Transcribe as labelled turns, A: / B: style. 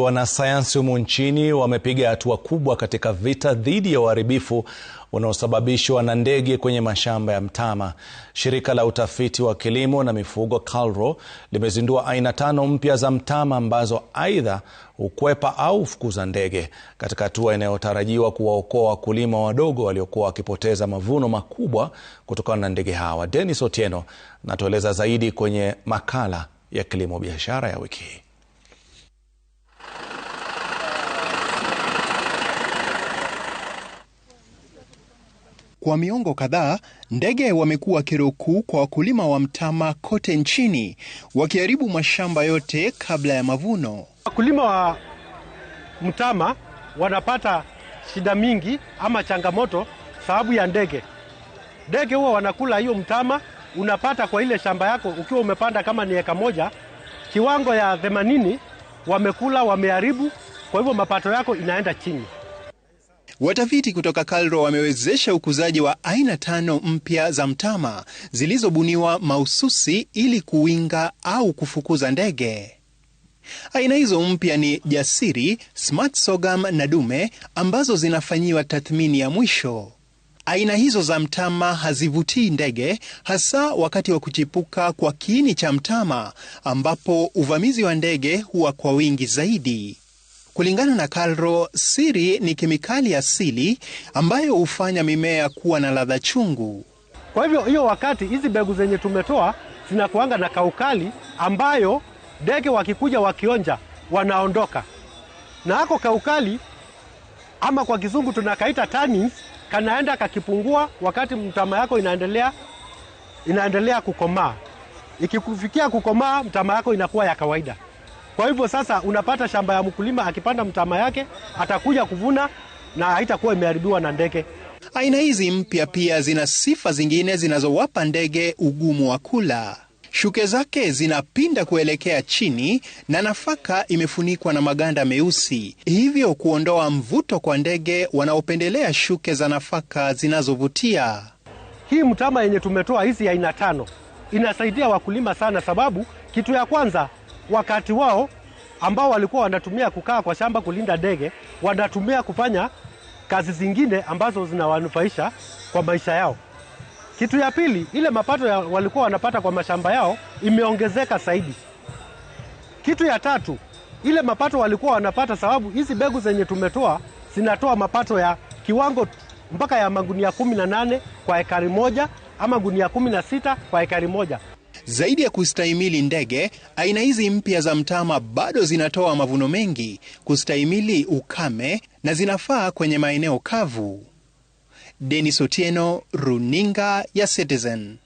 A: Wanasayansi humu nchini wamepiga hatua kubwa katika vita dhidi ya uharibifu unaosababishwa na ndege kwenye mashamba ya mtama. Shirika la utafiti wa kilimo na mifugo KALRO limezindua aina tano mpya za mtama ambazo aidha hukwepa au hufukuza ndege, katika hatua inayotarajiwa kuwaokoa wakulima wadogo waliokuwa wakipoteza mavuno makubwa kutokana na ndege hawa. Dennis Otieno anatueleza zaidi kwenye makala ya Kilimo Biashara ya wiki hii.
B: Kwa miongo kadhaa, ndege wamekuwa kero kuu kwa wakulima wa mtama kote nchini, wakiharibu mashamba yote kabla ya mavuno.
C: Wakulima wa mtama wanapata shida mingi ama changamoto sababu ya ndege. Ndege huwa wanakula hiyo mtama. Unapata kwa ile shamba yako ukiwa umepanda kama ni eka moja, kiwango ya themanini wamekula, wameharibu. Kwa hivyo mapato yako inaenda chini.
B: Watafiti kutoka KALRO wamewezesha ukuzaji wa aina tano mpya za mtama zilizobuniwa mahususi ili kuwinga au kufukuza ndege. Aina hizo mpya ni Jasiri, Smart Sorghum na Dume ambazo zinafanyiwa tathmini ya mwisho. Aina hizo za mtama hazivutii ndege hasa wakati wa kuchipuka kwa kiini cha mtama ambapo uvamizi wa ndege huwa kwa wingi zaidi. Kulingana na Kalro, siri ni kemikali asili ambayo hufanya mimea kuwa na ladha chungu.
C: Kwa hivyo hiyo wakati hizi mbegu zenye tumetoa zinakuanga na kaukali ambayo ndege wakikuja wakionja wanaondoka na ako kaukali, ama kwa kizungu tunakaita tannins, kanaenda kakipungua wakati mtama yako inaendelea, inaendelea kukomaa. Ikikufikia kukomaa, mtama yako inakuwa ya kawaida. Kwa hivyo sasa unapata shamba ya mkulima akipanda mtama yake atakuja kuvuna na haitakuwa imeharibiwa na ndege.
B: Aina hizi mpya pia zina sifa zingine zinazowapa ndege ugumu wa kula. Shuke zake zinapinda kuelekea chini na nafaka imefunikwa na maganda meusi, hivyo kuondoa mvuto kwa ndege wanaopendelea shuke za nafaka zinazovutia.
C: Hii mtama yenye tumetoa hizi aina tano inasaidia wakulima sana, sababu kitu ya kwanza wakati wao ambao walikuwa wanatumia kukaa kwa shamba kulinda ndege, wanatumia kufanya kazi zingine ambazo zinawanufaisha kwa maisha yao. Kitu ya pili, ile mapato ya walikuwa wanapata kwa mashamba yao imeongezeka zaidi. Kitu ya tatu, ile mapato walikuwa wanapata sababu hizi mbegu zenye tumetoa zinatoa mapato ya kiwango mpaka ya magunia kumi na nane kwa ekari moja ama gunia kumi na sita kwa ekari moja.
B: Zaidi ya kustahimili ndege, aina hizi mpya za mtama bado zinatoa mavuno mengi kustahimili ukame na zinafaa kwenye maeneo kavu. Denis Otieno, Runinga ya Citizen.